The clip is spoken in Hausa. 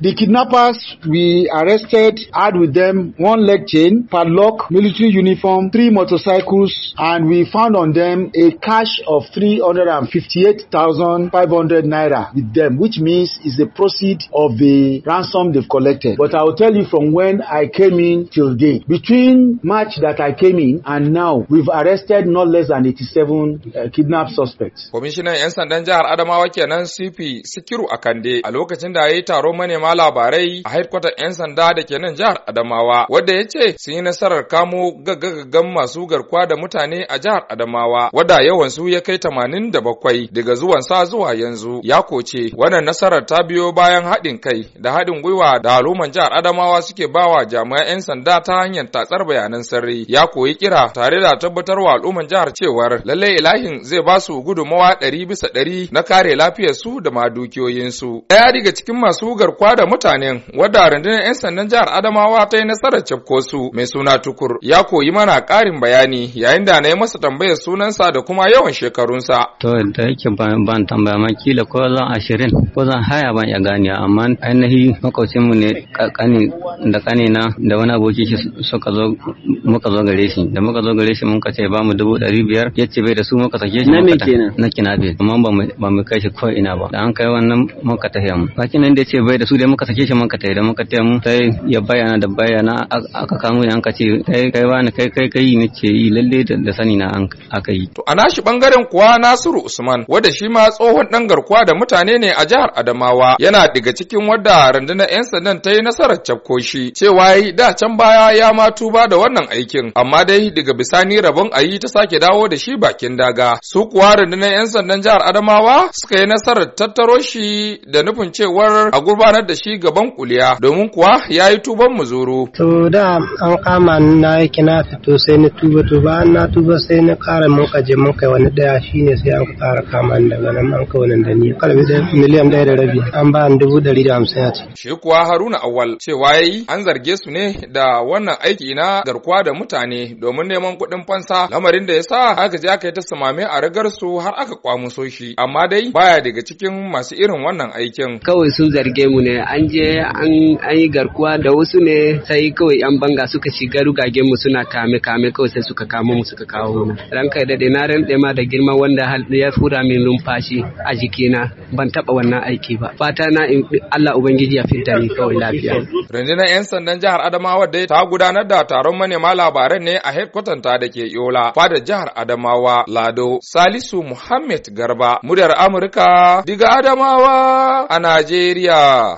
The kidnappers we arrested had with them one leg chain, padlock, military uniform, three motorcycles, and we found on them a cash of 358,500 naira with them, which means is the proceed of the ransom they've collected. But I will tell you from when I came in till date. Between March that I came in and now, we've arrested not less than 87 uh, kidnapped suspects. Commissioner, 'yan sandan Adamawa kenan CP Sikiru Akande a lokacin da ya yi taron manema manema labarai a haikwatar 'yan sanda da ke nan jihar Adamawa, wadda ya ce sun yi nasarar kamo gaggagaggan masu garkuwa da mutane a jihar Adamawa, wadda yawansu ya kai tamanin da bakwai daga zuwan sa zuwa yanzu. Ya koce wannan nasarar ta biyo bayan haɗin kai da haɗin gwiwa da al'umman jihar Adamawa suke bawa jami'an 'yan sanda ta hanyar tatsar bayanan sarri, Ya koyi kira tare da tabbatar wa al'umman jihar cewar lallai ilahin zai ba su gudummawa ɗari bisa ɗari na kare lafiyarsu da ma dukiyoyinsu. Ɗaya daga cikin masu garkuwa da mutanen wadda rundunar 'yan sandan jihar Adamawa ta yi nasarar cafko su mai suna tukur ya koyi mana ƙarin bayani yayin da na yi masa tambayar sunansa da kuma yawan shekarunsa. To da yake ban tambaya ma kila ko zan ashirin ko zan haya ban ya gani amma ainihi makwacin mu ne kani da kani na da wani aboki shi suka zo muka zo gare shi da muka zo gare shi mun ka ce ba mu dubu ɗari biyar ya ce bai da su muka sake shi. Na me kenan? Na kinabe amma ba mu kai shi ko ina ba da an kai wannan muka tafiya mu. Bakin nan da ya ce bai da su da muka sake shi muka tai da muka tai mu sai ya bayyana da bayyana aka kamo ni an ka ce kai kai wani kai kai kai ni ce yi lalle da sani na an aka yi to a nashi bangaren kuwa Nasiru Usman wanda shi ma tsohon dan garkuwa da mutane ne a jihar Adamawa yana daga cikin wadda rundunar yan sandan ta yi nasarar cafko shi cewa yi da can baya ya ma tuba da wannan aikin amma dai daga bisani rabon ayi ta sake dawo da shi bakin daga su kuwa rundunar yan sandan jihar Adamawa suka yi nasarar tattaro shi da nufin cewar a gurbanar da shi gaban kuliya domin kuwa ya yi tuban muzuru. To da an kama na yi kina fito sai na tuba to na tuba sai na kara mun kaje mun kai wani daya shine sai an kara kama ni daga nan an kai wani da ni kalbi da miliyan daya da rabi an ba ni dubu dari da hamsin a ciki. Shi kuwa Haruna Awal cewa yi an zarge su ne da wannan aiki na garkuwa da mutane domin neman kuɗin fansa lamarin da ya sa aka je aka yi ta samame a ragar su har aka kwamuso shi amma dai baya daga cikin masu irin wannan aikin. Kawai sun zarge mu ne an je an yi garkuwa da wasu ne sai kawai yan banga suka shiga rugagen mu suna kame kame kawai sai suka kama mu suka kawo mu ranka da na rande ma da girma wanda ya fura min numfashi a jikina ban taba wannan aiki ba fata na Allah ubangiji ya fidda ni kawai lafiya rundunar yan sandan jihar Adamawa daya ta gudanar da taron manema labaran ne a headquarters ta da Yola fadar jihar Adamawa Lado Salisu Muhammad Garba muryar Amurka diga Adamawa a Najeriya